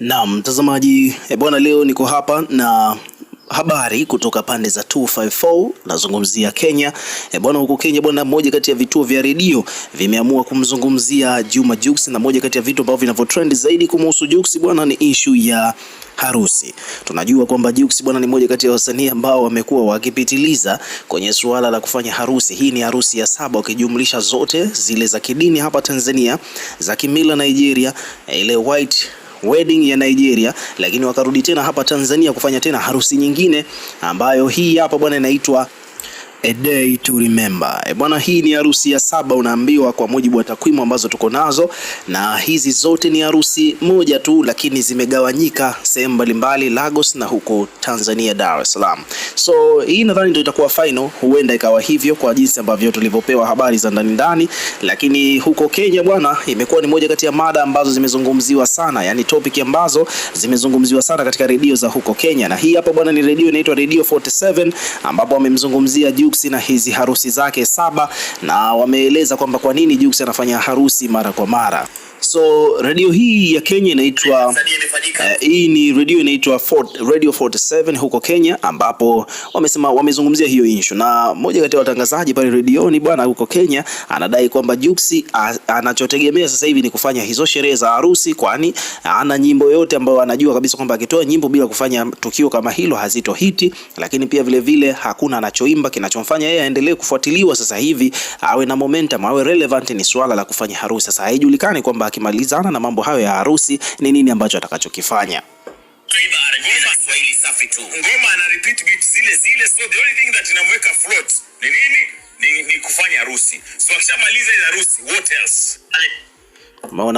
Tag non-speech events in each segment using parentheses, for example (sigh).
Na mtazamaji eh, bwana, leo niko hapa na habari kutoka pande za 254 nazungumzia Kenya eh, bwana. Huko Kenya bwana, moja kati ya vituo vya redio vimeamua kumzungumzia Juma Jux, na moja kati ya vitu ambavyo vinavyotrend zaidi kumhusu Jux bwana ni ishu ya harusi. Tunajua kwamba Jux bwana ni moja kati ya wasanii ambao wamekuwa wakipitiliza kwenye suala la kufanya harusi. Hii ni harusi ya saba ukijumlisha zote zile za kidini hapa Tanzania, za kimila Nigeria, eh, ile white wedding ya Nigeria, lakini wakarudi tena hapa Tanzania kufanya tena harusi nyingine ambayo hii hapa bwana inaitwa A day to remember. E bwana, hii ni harusi ya saba unaambiwa, kwa mujibu wa takwimu ambazo tuko nazo, na hizi zote ni harusi moja tu, lakini zimegawanyika sehemu mbalimbali, Lagos na huko Tanzania Dar es Salaam. So hii nadhani ndio itakuwa final, huenda ikawa hivyo kwa jinsi ambavyo tulivyopewa habari za ndani ndani, lakini huko Kenya bwana, imekuwa ni moja kati ya mada ambazo zimezungumziwa sana, yani topic ambazo zimezungumziwa sana katika redio za huko Kenya, na hii hapa bwana ni redio inaitwa Radio 47 ambapo wamemzungumzia Jux Juksi na hizi harusi zake saba, na wameeleza kwamba kwa nini Juksi anafanya harusi mara kwa mara. So radio hii ya Kenya inaitwa uh, hii ni radio inaitwa Radio 47 huko Kenya, ambapo wamesema wamezungumzia hiyo inshu, na mmoja kati ya watangazaji pale redioni bwana huko Kenya anadai kwamba Jux anachotegemea sasa hivi ni kufanya hizo sherehe za harusi, kwani ana nyimbo yote ambayo anajua kabisa kwamba akitoa nyimbo bila kufanya tukio kama hilo hazito hiti lakini pia vile vile hakuna anachoimba kinachomfanya yeye aendelee kufuatiliwa sasa hivi awe na momentum awe relevant, ni swala la kufanya harusi. Sasa haijulikani kwamba akimalizana na mambo hayo ya harusi ni nini ambacho atakachokifanya. Ngoma ana repeat beat zile zile, so the only thing that inamweka float ni nini? Ni, ni kufanya harusi. So akishamaliza ile harusi, what else?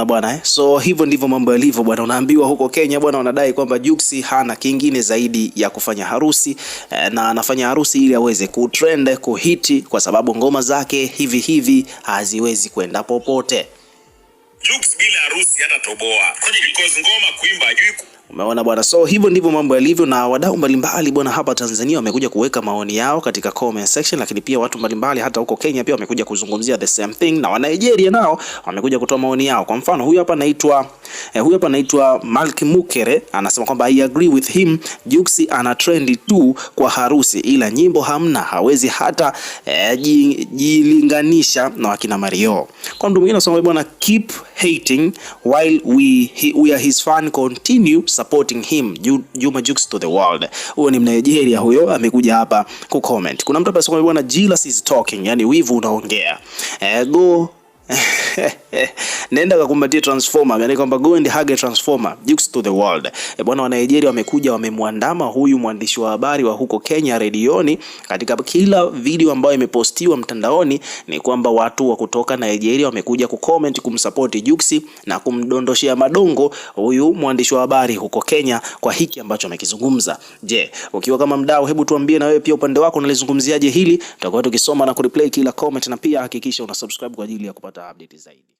bwana eh? So hivyo ndivyo mambo yalivyo bwana, unaambiwa huko Kenya bwana, wanadai kwamba Jux hana kingine zaidi ya kufanya harusi eh, na anafanya harusi ili aweze kutrend kuhiti, kwa sababu ngoma zake hivi hivi haziwezi kwenda popote. Jukes bila harusi hata toboa. Because ngoma kuimba hajui Umeona bwana, so hivyo ndivyo mambo yalivyo, na wadau mbalimbali bwana hapa Tanzania wamekuja kuweka maoni yao katika comment section, lakini pia watu mbalimbali hata huko Kenya pia wamekuja kuzungumzia the same thing, na wa Nigeria nao wamekuja kutoa maoni yao. Kwa mfano huyu hapa anaitwa Eh, huyu hapa anaitwa Malki Mukere anasema kwamba I agree with him, Jux ana trendi tu kwa harusi, ila nyimbo hamna, hawezi hata eh, jilinganisha na wakina Mario. Kwa mtu mwingine anasema bwana, keep hating while we, he, we are his fan, continue supporting him, Juma Jux to the world. Huyo ni Mnigeria huyo, amekuja hapa ku comment. Kuna mtu hapa anasema bwana, jealousy is talking, yani wivu unaongea. Eh, go (laughs) naenda kakumbatia transformer, ameandika kwamba go and hug a transformer jukes to the world. E bwana, wa Nigeria wamekuja wamemwandama huyu mwandishi wa habari wa huko Kenya redioni. Katika kila video ambayo imepostiwa mtandaoni, ni kwamba watu wa kutoka Nigeria wamekuja kucomment kumsupport Juksi na kumdondoshea madongo huyu mwandishi wa habari huko Kenya kwa hiki ambacho amekizungumza. Je, ukiwa kama mdau, hebu tuambie na wewe pia upande wako unalizungumziaje hili? Tutakuwa tukisoma na kureplay kila comment, na pia hakikisha una subscribe kwa ajili ya kupata update zaidi.